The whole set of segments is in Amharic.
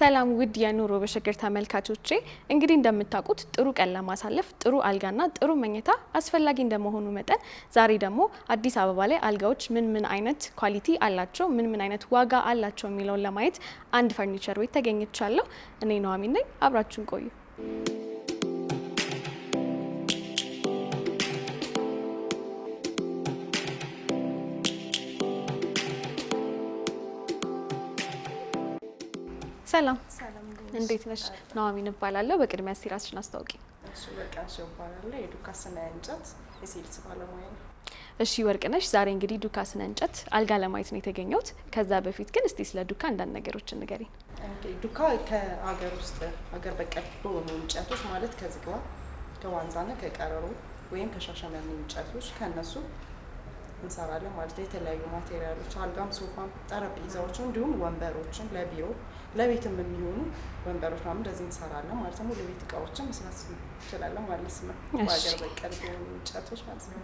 ሰላም ውድ የኑሮ በሸገር ተመልካቾቼ፣ እንግዲህ እንደምታውቁት ጥሩ ቀን ለማሳለፍ ጥሩ አልጋና ጥሩ መኝታ አስፈላጊ እንደመሆኑ መጠን ዛሬ ደግሞ አዲስ አበባ ላይ አልጋዎች ምን ምን አይነት ኳሊቲ አላቸው፣ ምን ምን አይነት ዋጋ አላቸው የሚለውን ለማየት አንድ ፈርኒቸር ቤት ተገኝቻለሁ። እኔ ነዋሚ ነኝ። አብራችሁን ቆዩ። ሰላም፣ እንዴት ነሽ? ኑሐሚን እባላለሁ። በቅድሚያ እስቲ ራስሽን አስታውቂ። እሺ፣ ወርቅነሽ እባላለሁ። ዛሬ እንግዲህ ዱካ ስነ እንጨት አልጋ ለማየት ነው የተገኘሁት። ከዛ በፊት ግን እስቲ ስለ ዱካ አንዳንድ ነገሮች ንገሪኝ። ዱካ ከሀገር ውስጥ ሀገር በቀል በሆኑ እንጨቶች ማለት ከዝግባ ከዋንዛና ከቀረሮ ወይም ከሻሸመኔ እንጨቶች ከእነሱ እንሰራለን ማለት ነው። የተለያዩ ማቴሪያሎች አልጋም፣ ሶፋም፣ ጠረጴዛዎችን እንዲሁም ወንበሮችን ለቢሮ ለቤትም የሚሆኑ ወንበሮች ምናምን እንደዚህ እንሰራለን ማለት ነው። ለቤት እቃዎችም መስራት እንችላለን ማለት ነው። በሀገር በቀል እንጨቶች ማለት ነው።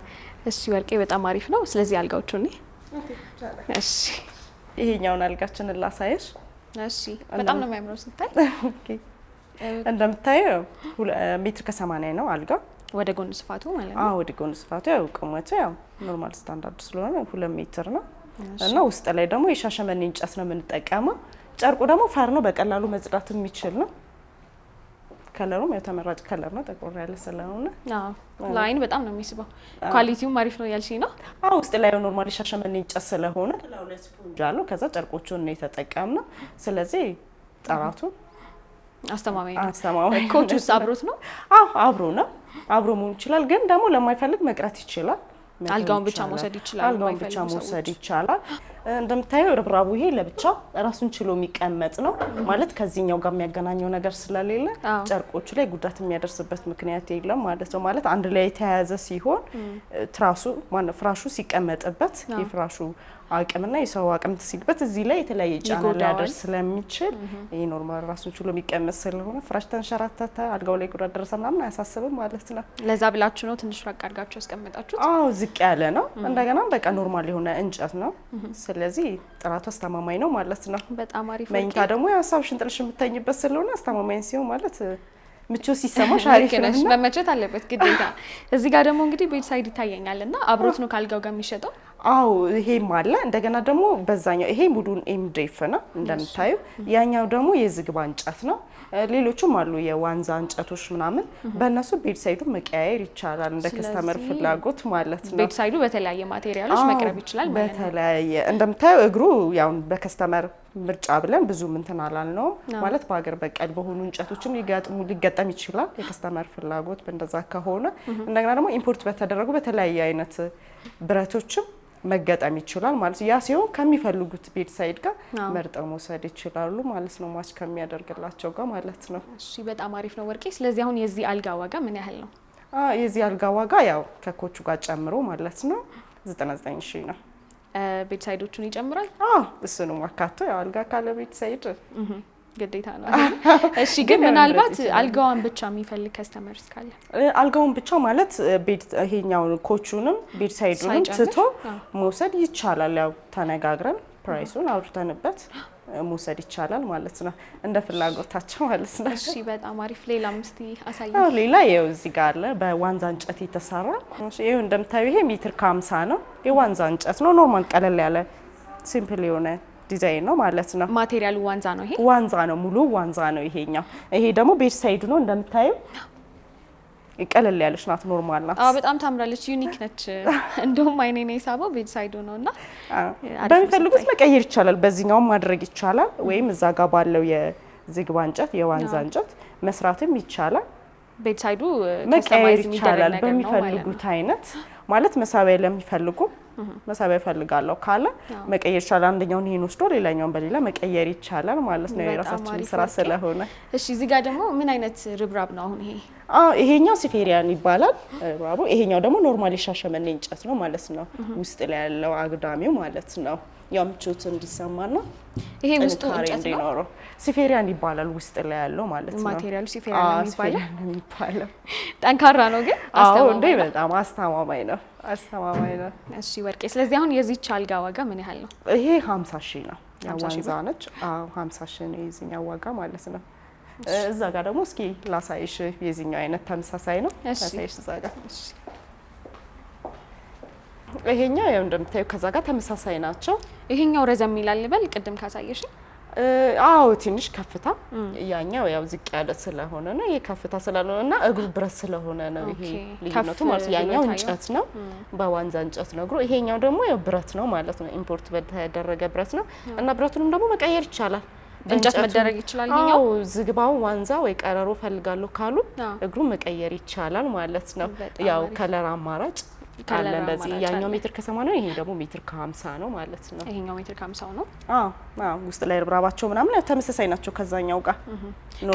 እሺ ወርቄ፣ በጣም አሪፍ ነው። ስለዚህ አልጋዎቹ እኔ እሺ፣ ይሄኛውን አልጋችንን ላሳየሽ። እሺ፣ በጣም ነው የሚያምረው ስታይ። ኦኬ፣ እንደምታየው ሜትር ከሰማንያ ነው አልጋው ወደ ጎን ስፋቱ ማለት ነው። ወደ ጎን ስፋቱ ያው ቁመቱ ያው ኖርማል ስታንዳርድ ስለሆነ ሁለት ሜትር ነው እና ውስጥ ላይ ደግሞ የሻሸመኔ እንጨት ነው የምንጠቀመው። ጨርቁ ደግሞ ፈር ነው፣ በቀላሉ መጽዳት የሚችል ነው። ከለሩም የተመራጭ ከለር ነው። ጠቆር ያለ ስለሆነ ለአይን በጣም ነው የሚስበው። ኳሊቲውም አሪፍ ነው ያልሽኝ ነው? አዎ ውስጥ ላይ ኖርማል ሻሸመኔ እንጨት ስለሆነ ጃሉ ከዛ ጨርቆቹን ነው የተጠቀምነው። ስለዚህ ጥራቱ አስተማማኝ ነው። አስተማማኝ ኮቹ ውስጥ አብሮት ነው። አዎ አብሮ ነው፣ አብሮ መሆን ይችላል። ግን ደግሞ ለማይፈልግ መቅረት ይችላል። አልጋውን ብቻ መውሰድ ይችላል። አልጋውን ብቻ መውሰድ ይቻላል። እንደምታየው ርብራቡ ይሄ ለብቻ ራሱን ችሎ የሚቀመጥ ነው ማለት ከዚህኛው ጋር የሚያገናኘው ነገር ስለሌለ ጨርቆቹ ላይ ጉዳት የሚያደርስበት ምክንያት የለም ማለት ነው። ማለት አንድ ላይ የተያያዘ ሲሆን ትራሱ ፍራሹ ሲቀመጥበት የፍራሹ አቅምና የሰው አቅም ሲልበት እዚህ ላይ የተለያየ ጫና ሊያደርስ ስለሚችል ይህ ኖርማል ራሱን ችሎ የሚቀመጥ ስለሆነ ፍራሽ ተንሸራተተ፣ አልጋው ላይ ጉዳት ደረሰ ምናምን አያሳስብም ማለት ነው። ለዛ ብላችሁ ነው ትንሽ ራቅ አድርጋችሁ ያስቀመጣችሁት? አዎ ዝቅ ያለ ነው። እንደገና በቃ ኖርማል የሆነ እንጨት ነው። ስለዚህ ጥራቱ አስተማማኝ ነው ማለት ነው። በጣም አሪፍ። መኝታ ደግሞ የሀሳብሽን ጥልሽ የምታኝበት ስለሆነ አስተማማኝ ሲሆን ማለት ምቾት ሲሰማሽ አሪፍ ነሽ። መመቸት አለበት ግዴታ። እዚህ ጋር ደግሞ እንግዲህ ቤድሳይድ ይታየኛል እና አብሮት ነው ካልጋው ጋር የሚሸጠው አዎ ይሄም አለ። እንደገና ደግሞ በዛኛው ይሄ ሙዱን ኤምዴፍ ነው እንደምታዩ፣ ያኛው ደግሞ የዝግባ እንጨት ነው። ሌሎቹም አሉ የዋንዛ እንጨቶች ምናምን፣ በእነሱ ቤድ ሳይዱ መቀያየር ይቻላል እንደ ከስተመር ፍላጎት ማለት ነው። ቤድ ሳይዱ በተለያየ ማቴሪያሎች መቅረብ ይችላል ማለት ነው። በተለያየ እንደምታዩ እግሩ ያው በከስተመር ምርጫ ብለን ብዙ ምንትን አላልነውም ማለት በሀገር በቀል በሆኑ እንጨቶችም ሊገጠም ይችላል የከስተመር ፍላጎት በእንደዛ ከሆነ እንደገና ደግሞ ኢምፖርት በተደረጉ በተለያየ አይነት ብረቶችም መገጠም ይችላል ማለት ያ ሲሆን ከሚፈልጉት ቤድ ሳይድ ጋር መርጠው መውሰድ ይችላሉ ማለት ነው፣ ማች ከሚያደርግላቸው ጋር ማለት ነው። እሺ በጣም አሪፍ ነው ወርቄ። ስለዚህ አሁን የዚህ አልጋ ዋጋ ምን ያህል ነው? የዚህ አልጋ ዋጋ ያው ከኮቹ ጋር ጨምሮ ማለት ነው 99 ሺ ነው። ቤድ ሳይዶቹን ይጨምራል። እሱንም አካቶ ያው አልጋ ካለ ቤድ ሳይድ ግዴታ ነው። እሺ፣ ግን ምናልባት አልጋዋን ብቻ የሚፈልግ ከስተመር እስካለ አልጋውን ብቻ ማለት ይሄኛውን ኮቹንም ቤድ ሳይዱንም ትቶ መውሰድ ይቻላል። ያው ተነጋግረን ፕራይሱን አውርተንበት መውሰድ ይቻላል ማለት ነው። እንደ ፍላጎታቸው ማለት ነው። እሺ በጣም አሪፍ። ሌላ ምስቲ አሳይ። ሌላ ይኸው እዚህ ጋር አለ በዋንዛ እንጨት የተሰራ ይኸው እንደምታዩ ይሄ ሜትር ከሀምሳ ነው። የዋንዛ እንጨት ነው። ኖርማል ቀለል ያለ ሲምፕል የሆነ ዲዛይን ነው ማለት ነው። ማቴሪያሉ ዋንዛ ነው። ይሄ ዋንዛ ነው፣ ሙሉ ዋንዛ ነው ይሄኛው። ይሄ ደግሞ ቤድ ሳይድ ነው እንደምታዩ ቀለል ያለች ናት፣ ኖርማል ናት። አዎ በጣም ታምራለች፣ ዩኒክ ነች። እንደውም አይኔ ነው የሳበው ቤድ ሳይዱ ነውና በሚፈልጉት መቀየር ይቻላል። በዚህኛውም ማድረግ ይቻላል፣ ወይም እዛ ጋር ባለው የዝግባ እንጨት የዋንዛ እንጨት መስራትም ይቻላል። ቤድ ሳይዱ መቀየር ይቻላል በሚፈልጉት አይነት ማለት መሳቢያ ለሚፈልጉ መሳቢያ ይፈልጋለሁ ካለ መቀየር ይቻላል። አንደኛውን ይህን ወስዶ ሌላኛውን በሌላ መቀየር ይቻላል ማለት ነው፣ የራሳችን ስራ ስለሆነ። እሺ እዚህ ጋር ደግሞ ምን አይነት ርብራብ ነው አሁን ይሄ? አዎ ይሄኛው ሲፌሪያን ይባላል ርብራቡ። ይሄኛው ደግሞ ኖርማል የሻሸመኔ እንጨት ነው ማለት ነው፣ ውስጥ ላይ ያለው አግዳሚው ማለት ነው። ያ ምቾት እንዲሰማ ና ይሄ ውስጡ እንጨት ነው። ሲፌሪያን ይባላል ውስጥ ላይ ያለው ማለት ነው። ማቴሪያሉ ሲፌሪያን ነው የሚባለው። ጠንካራ ነው ግን አዎ፣ እንዴ በጣም አስተማማኝ ነው። አስተማማኝ ነው። እሺ ወርቄ፣ ስለዚህ አሁን የዚህች አልጋ ዋጋ ምን ያህል ነው? ይሄ 50 ሺህ ነው። ዋንዛ ነች። አዎ 50 ሺህ ነው የዚህኛው ዋጋ ማለት ነው። እዛ ጋር ደግሞ እስኪ ላሳይሽ የዚህኛው አይነት ተመሳሳይ ነው። እሺ እዛ ጋር እሺ ይሄኛው ያው እንደምታዩ ከዛ ጋር ተመሳሳይ ናቸው። ይሄኛው ረዘም ይላል በል ቅድም ካሳየሽ። አዎ ትንሽ ከፍታ፣ ያኛው ያው ዝቅ ያለ ስለሆነ ነው። ይሄ ከፍታ ስላልሆነ እና እግሩ ብረት ስለሆነ ነው ይሄ ልዩነቱ ማለት ያኛው እንጨት ነው፣ በዋንዛ እንጨት ነው እግሩ። ይሄኛው ደግሞ ያው ብረት ነው ማለት ነው። ኢምፖርት በተደረገ ብረት ነው እና ብረቱንም ደግሞ መቀየር ይቻላል። እንጨት መደረግ ይችላል። ይሄኛው ዝግባው ዋንዛ ወይ ቀረሮ ፈልጋለሁ ካሉ እግሩ መቀየር ይቻላል ማለት ነው። ያው ከለር አማራጭ አለ እንደዚህ ያኛው ሜትር ከሰማንያ ነው፣ ይሄ ደግሞ ሜትር ከሀምሳ ነው ማለት ነው። ይሄኛው ሜትር ከሀምሳ ነው። አዎ አዎ። ውስጥ ላይ ርብራባቸው ምናምን ተመሳሳይ ናቸው ከዛኛው ጋር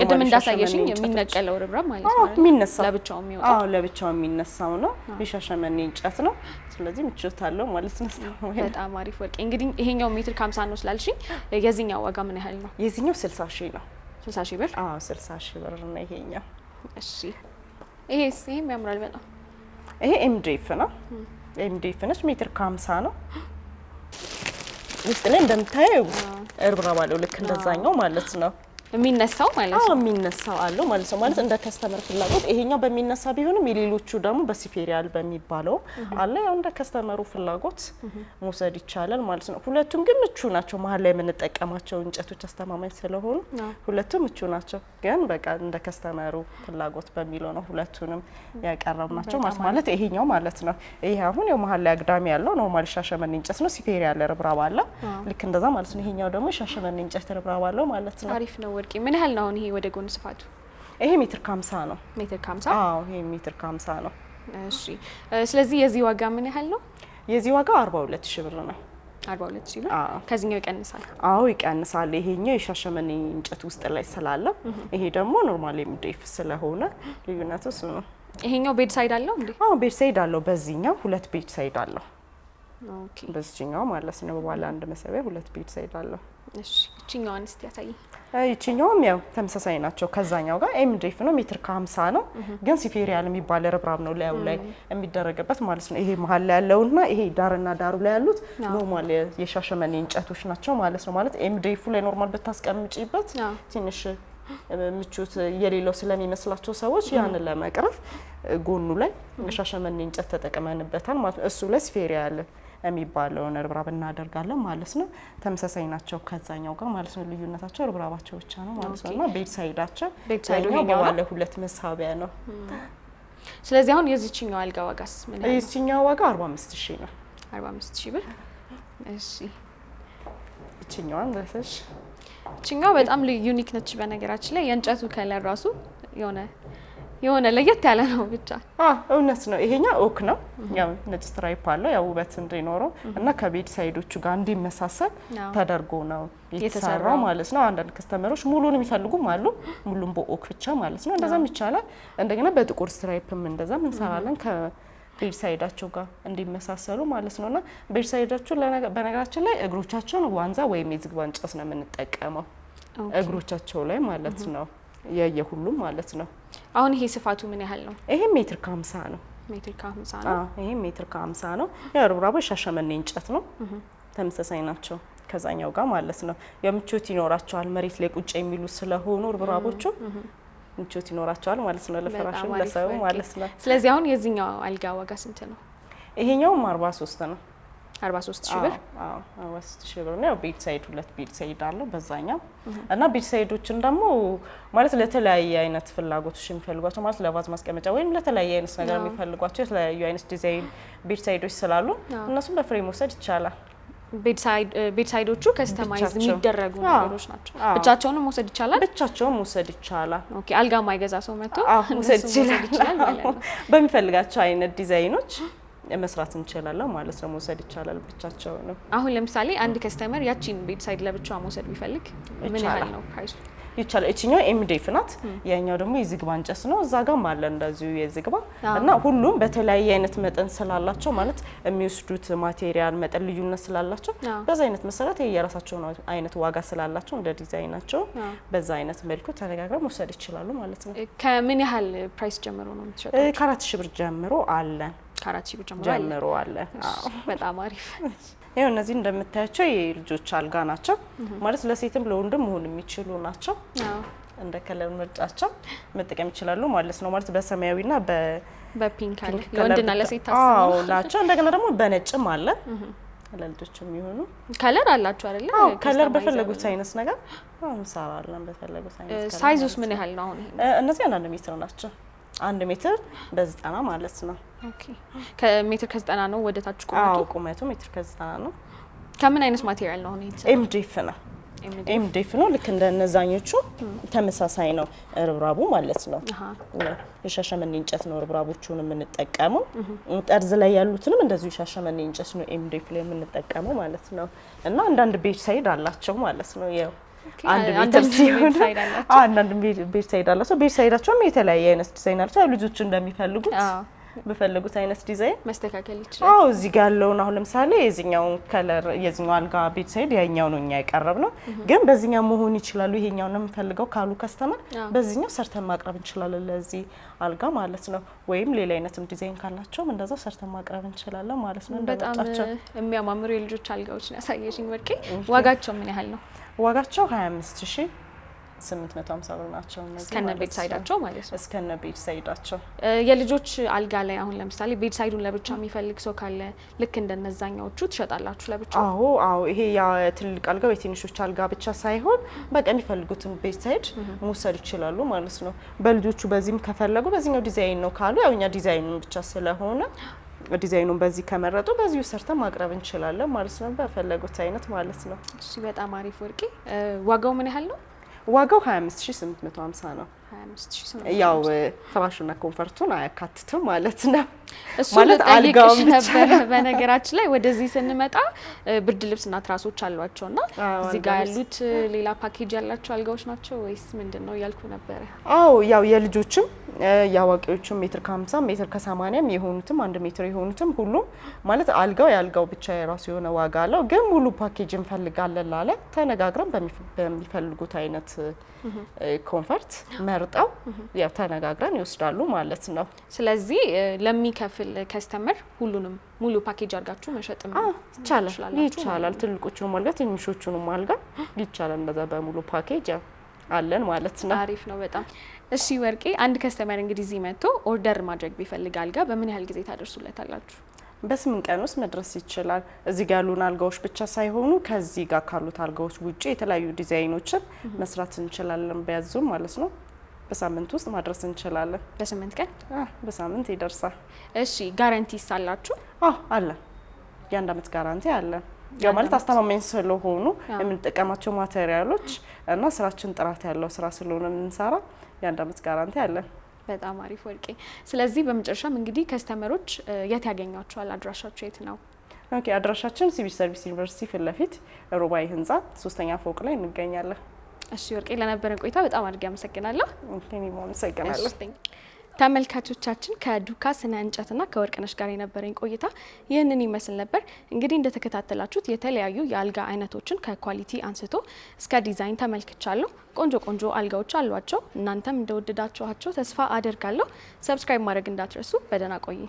ቅድም እንዳሳየሽኝ የሚነቀለው ርብራብ ማለት ነው። የሚነሳው ለብቻው የሚወጣው አዎ፣ ለብቻው የሚነሳው ነው። የሻሸመኔ እንጨት ነው። ስለዚህ ምቾት አለው ማለት ነው። በጣም አሪፍ ወርቅ። እንግዲህ ይሄኛው ሜትር ከሀምሳ ነው ስላልሽኝ የዚህኛው ዋጋ ምን ያህል ነው? የዚህኛው ስልሳ ሺህ ነው። ስልሳ ሺህ ብር። አዎ፣ ስልሳ ሺህ ብር ነው ይሄኛው። እሺ፣ ይሄስ ይሄም ያምራል በጣም ይሄ ኤምዲኤፍ ነው። ኤምዲኤፍ ነች። ሜትር ከሀምሳ ነው። ውስጥ ላይ እንደምታየው እርብራባለው ልክ እንደዛኛው ማለት ነው። የሚነሳው ማለት ነው። የሚነሳው አለው ማለት ነው። ማለት እንደ ከስተመር ፍላጎት ይሄኛው በሚነሳ ቢሆንም የሌሎቹ ደግሞ በሲፔሪያል በሚባለው አለ። ያው እንደ ከስተመሩ ፍላጎት መውሰድ ይቻላል ማለት ነው። ሁለቱም ግን ምቹ ናቸው። መሀል ላይ የምንጠቀማቸው እንጨቶች አስተማማኝ ስለሆኑ ሁለቱም ምቹ ናቸው። ግን በቃ እንደ ከስተመሩ ፍላጎት በሚለው ነው ሁለቱንም ያቀረብ ናቸው ማለት ይሄኛው ማለት ነው። ይሄ አሁን ያው መሀል ላይ አግዳሚ ያለው ኖርማል ሻሸመኔ እንጨት ነው። ሲፔሪያል ርብራብ አለ። ልክ እንደዛ ማለት ነው። ይሄኛው ደግሞ ሻሸመኔ እንጨት ርብራብ አለው ማለት ነው። አሪፍ ነው። ወርቂ ምን ያህል ነው? አሁን ይሄ ወደ ጎን ስፋቱ ይሄ ሜትር ከሀምሳ ነው። ሜትር ከሀምሳ አዎ፣ ይሄ ሜትር ከሀምሳ ነው። እሺ፣ ስለዚህ የዚህ ዋጋ ምን ያህል ነው? የዚህ ዋጋ 42 ሺህ ብር ነው። 42 ሺህ ብር ከዚህኛው ይቀንሳል? አዎ ይቀንሳል። ይሄኛው የሻሸመኔ እንጨት ውስጥ ላይ ስላለ፣ ይሄ ደግሞ ኖርማል የሚደፍ ስለሆነ ልዩነቱ እሱ ነው። ይሄኛው ቤድ ሳይድ አለው እንዴ? አዎ ቤድ ሳይድ አለው። በዚህኛው ሁለት ቤድ ሳይድ አለው። ኦኬ፣ በዚህኛው ማለት ነው። በኋላ አንድ መሰቢያ ሁለት ቤድ ሳይድ አለው። እሺ፣ እቺኛው አንስቲ ያሳይ ይችኛውም ያው ተመሳሳይ ናቸው ከዛኛው ጋር ኤምድሪፍ ነው። ሜትር ከሀምሳ ነው ግን ሲፌሪያል የሚባል ርብራብ ነው ላዩ ላይ የሚደረግበት ማለት ነው። ይሄ መሀል ላይ ያለውና ይሄ ዳርና ዳሩ ላይ ያሉት ኖርማል የሻሸመኔ እንጨቶች ናቸው ማለት ነው። ማለት ኤምድሪፉ ላይ ኖርማል ብታስቀምጪበት ትንሽ ምቹት የሌለው ስለሚመስላቸው ሰዎች ያንን ለመቅረፍ ጎኑ ላይ የሻሸመኔ እንጨት ተጠቅመንበታል ማለት ነው። እሱ ላይ ስፌሪያል የሚባለውን ርብራብ እናደርጋለን ማለት ነው። ተመሳሳይ ናቸው ከዛኛው ጋር ማለት ነው። ልዩነታቸው ርብራባቸው ብቻ ነው ማለት ነው እና ሳይዳቸው ኛው በባለ ሁለት መሳቢያ ነው። ስለዚህ አሁን የዚችኛው አልጋ ዋጋስ ምን? የዚችኛው ዋጋ አርባ አምስት ሺህ ነው። አርባ አምስት ሺህ ብር። እሺ እችኛዋን እችኛዋ በጣም ዩኒክ ነች። በነገራችን ላይ የእንጨቱ ከለር ራሱ የሆነ የሆነ ለየት ያለ ነው ብቻ እውነት ነው። ይሄኛ ኦክ ነው ነጭ ስትራይፕ አለው ያው ውበት እንዲኖረው እና ከቤድ ሳይዶቹ ጋር እንዲመሳሰል ተደርጎ ነው የተሰራው ማለት ነው። አንዳንድ ከስተመሮች ሙሉን የሚፈልጉም አሉ፣ ሙሉን በኦክ ብቻ ማለት ነው። እንደዛም ይቻላል። እንደገና በጥቁር ስትራይፕም እንደዛም እንሰራለን ቤድ ሳይዳቸው ጋር እንዲመሳሰሉ ማለት ነውና ቤድ ሳይዳቸው በነገራችን ላይ እግሮቻቸውን ዋንዛ ወይም የዝግባ እንጨት ነው የምንጠቀመው እግሮቻቸው ላይ ማለት ነው። የየ ሁሉም ማለት ነው። አሁን ይሄ ስፋቱ ምን ያህል ነው? ይሄ ሜትር ከሀምሳ ነው። ሜትር ከሀምሳ ነው። ይሄ ሜትር ከሀምሳ ነው። ርብራቦ የሻሸመኔ እንጨት ነው። ተመሳሳይ ናቸው ከዛኛው ጋር ማለት ነው። የምቾት ይኖራቸዋል። መሬት ላይ ቁጭ የሚሉ ስለሆኑ ርብራቦቹ ምቾት ይኖራቸዋል ማለት ነው። ለፍራሽም ለሰው ማለት ነው። ስለዚህ አሁን የዚህኛው አልጋ ዋጋ ስንት ነው? ይሄኛውም አርባ ሶስት ነው። 43 ሺህ ብር አዎ 43 ሺህ ብር ነው። ቤድ ሳይድ ሁለት ቤድ ሳይድ አለው በዛኛው እና ቤድ ሳይዶችን ደግሞ ማለት ለተለያየ አይነት ፍላጎቶች የሚፈልጓቸው ማለት ለቫዝ ማስቀመጫ ወይም ለተለያየ አይነት ነገር የሚፈልጓቸው የተለያዩ አይነት ዲዛይን ቤድ ሳይዶች ስላሉ እነሱም በፍሬ መውሰድ ይቻላል። ቤድ ሳይዶቹ ከስተማይዝ የሚደረጉ ነገሮች ናቸው። ብቻቸውንም መውሰድ ይቻላል። ብቻቸውን መውሰድ ይቻላል። አልጋ ማይገዛ ሰው መጥቶ መውሰድ ይችላል በሚፈልጋቸው አይነት ዲዛይኖች መስራት እንችላለን ማለት ነው። መውሰድ ይቻላል ብቻቸው ነው። አሁን ለምሳሌ አንድ ከስተመር ያቺን ቤድሳይድ ለብቻዋ መውሰድ ቢፈልግ ምን ያህል ነው ፕራይሱ? ይቻላል። እችኛው ኤምዴፍ ናት። የኛው ደግሞ የዝግባ እንጨት ነው። እዛ ጋም አለ እንደዚሁ የዝግባ እና ሁሉም በተለያየ አይነት መጠን ስላላቸው ማለት የሚወስዱት ማቴሪያል መጠን ልዩነት ስላላቸው በዛ አይነት መሰረት የራሳቸውን አይነት ዋጋ ስላላቸው እንደ ዲዛይናቸው በዛ አይነት መልኩ ተነጋግረው መውሰድ ይችላሉ ማለት ነው። ከምን ያህል ፕራይስ ጀምሮ ነው የምትሸጠው? ከአራት ሺ ብር ጀምሮ አለን ከአራት ሺህ ብር ጀምሮ አለ። በጣም አሪፍ። ይኸው እነዚህ እንደምታያቸው የልጆች አልጋ ናቸው ማለት ለሴትም ለወንድም መሆን የሚችሉ ናቸው። እንደ ከለር ምርጫቸው መጠቀም ይችላሉ ማለት ነው። ማለት በሰማያዊና በፒንክ ለወንድና ለሴት ታስቡ ናቸው። እንደገና ደግሞ በነጭም አለ ለልጆች የሚሆኑ ከለር አላችሁ አይደለ? አዎ ከለር በፈለጉት አይነት ነገር እንሰራለን። በፈለጉት አይነት ሳይዙስ ምን ያህል ነው? አሁን እነዚህ አንዳንድ ሜትር ናቸው። አንድ ሜትር በዘጠና ማለት ነው። ኦኬ ከሜትር ከዘጠና ነው ወደ ታች ቁመቱ? ቁመቱ ሜትር ከዘጠና ነው። ከምን አይነት ማቴሪያል ነው? ኤምዲኤፍ ነው። ኤምዲኤፍ ነው። ልክ እንደ እነዛኞቹ ተመሳሳይ ነው ርብራቡ ማለት ነው። የሻሸመኔ እንጨት ነው ርብራቦቹን የምንጠቀመው። ጠርዝ ላይ ያሉትንም እንደዚሁ የሻሸመኔ እንጨት ነው ኤምዲፍ ላይ የምንጠቀመው ማለት ነው። እና አንዳንድ ቤት ሳይድ አላቸው ማለት ነው። ያው አንዳንድ ቤድ ሳይድ አላቸው። ቤድ ሳይዳቸውም የተለያየ አይነት ዲዛይን አላቸው። ልጆች እንደሚፈልጉት በፈለጉት አይነት ዲዛይን መስተካከል ይችላል። አዎ እዚህ ጋር ያለውን አሁን ለምሳሌ የዚኛውን ከለር የዚኛው አልጋ ቤት ሳይድ ያኛው ነው እኛ ነው፣ ግን በዚህኛው መሆን ይችላሉ። ይሄኛው ነው የምፈልገው ካሉ ከስተመር በዚህኛው ሰርተን ማቅረብ እንችላለን፣ ለዚህ አልጋ ማለት ነው። ወይም ሌላ አይነትም ዲዛይን ካላቸውም እንደዛ ሰርተን ማቅረብ እንችላለን ማለት ነው። በጣም የሚያማምሩ የልጆች አልጋዎች ነው ያሳየሽኝ ወርቄ። ዋጋቸው ምን ያህል ነው? ዋጋቸው 25850 ብር ናቸው። እስከነ ቤት ሳይዳቸው ማለት ነው። እስከነ ቤት ሳይዳቸው የልጆች አልጋ ላይ አሁን ለምሳሌ ቤት ሳይዱን ለብቻ የሚፈልግ ሰው ካለ ልክ እንደነዛኛዎቹ ትሸጣላችሁ ለብቻ? አዎ አዎ፣ ይሄ የትልቅ አልጋው የትንሾች አልጋ ብቻ ሳይሆን በቃ የሚፈልጉትን ቤት ሳይድ መውሰድ ይችላሉ ማለት ነው። በልጆቹ በዚህም ከፈለጉ በዚህኛው ዲዛይን ነው ካሉ ያው እኛ ዲዛይኑን ብቻ ስለሆነ ዲዛይኑን በዚህ ከመረጡ በዚሁ ሰርተን ማቅረብ እንችላለን ማለት ነው፣ በፈለጉት አይነት ማለት ነው። እሺ፣ በጣም አሪፍ ወርቄ። ዋጋው ምን ያህል ነው? ዋጋው 25850 ነው። ያው ፍራሹና ኮንፈርቱን አያካትትም ማለት ነው። እሱ ልጠይቅሽ ነበረ። በነገራችን ላይ ወደዚህ ስንመጣ ብርድ ልብስና ትራሶች አሏቸው እና እዚህ ጋር ያሉት ሌላ ፓኬጅ ያላቸው አልጋዎች ናቸው ወይስ ምንድን ነው እያልኩ ነበረ። አዎ ያው የልጆችም የአዋቂዎችም ሜትር ከሀምሳ ሜትር ከሰማኒያም የሆኑትም አንድ ሜትር የሆኑትም ሁሉም ማለት አልጋው የአልጋው ብቻ የራሱ የሆነ ዋጋ አለው። ግን ሙሉ ፓኬጅ እንፈልጋለን ላለ ተነጋግረን በሚፈልጉት አይነት ኮንፈርት መርጠው ያው ተነጋግረን ይወስዳሉ ማለት ነው። ስለዚህ ለሚከፍል ከስተመር ሁሉንም ሙሉ ፓኬጅ አድርጋችሁ መሸጥም ይቻላል ይቻላል። ትልቆቹንም አልጋ ትንሾቹንም አልጋ ይቻላል። እንደዛ በሙሉ ፓኬጅ አለን ማለት ነው። አሪፍ ነው በጣም እሺ። ወርቄ አንድ ከስተመር እንግዲህ እዚህ መጥቶ ኦርደር ማድረግ ቢፈልግ አልጋ በምን ያህል ጊዜ ታደርሱለታላችሁ? በስምንት ቀን ውስጥ መድረስ ይችላል። እዚህ ጋር ያሉን አልጋዎች ብቻ ሳይሆኑ ከዚህ ጋር ካሉት አልጋዎች ውጭ የተለያዩ ዲዛይኖችን መስራት እንችላለን። በያዙም ማለት ነው በሳምንት ውስጥ ማድረስ እንችላለን። በስምንት ቀን በሳምንት ይደርሳል። እሺ ጋራንቲስ አላችሁ? አዎ አለ። የአንድ አመት ጋራንቲ አለን። ያው ማለት አስተማማኝ ስለሆኑ የምንጠቀማቸው ማቴሪያሎች እና ስራችን ጥራት ያለው ስራ ስለሆነ የምንሰራ የአንድ አመት ጋራንቲ አለን። በጣም አሪፍ ወርቄ። ስለዚህ በመጨረሻም እንግዲህ ከስተመሮች የት ያገኛቸዋል? አድራሻቸው የት ነው? ኦኬ አድራሻችን ሲቪል ሰርቪስ ዩኒቨርሲቲ ፊት ለፊት ሮባይ ህንጻ ሶስተኛ ፎቅ ላይ እንገኛለን። እሺ ወርቄ፣ ለነበረን ቆይታ በጣም አድርጌ አመሰግናለሁ። አመሰግናለሁ። ተመልካቾቻችን ከዱካ ስነ እንጨትና ከወርቅነሽ ጋር የነበረኝ ቆይታ ይህንን ይመስል ነበር። እንግዲህ እንደተከታተላችሁት የተለያዩ የአልጋ አይነቶችን ከኳሊቲ አንስቶ እስከ ዲዛይን ተመልክቻለሁ። ቆንጆ ቆንጆ አልጋዎች አሏቸው። እናንተም እንደወደዳችኋቸው ተስፋ አደርጋለሁ። ሰብስክራይብ ማድረግ እንዳትረሱ። በደህና ቆይ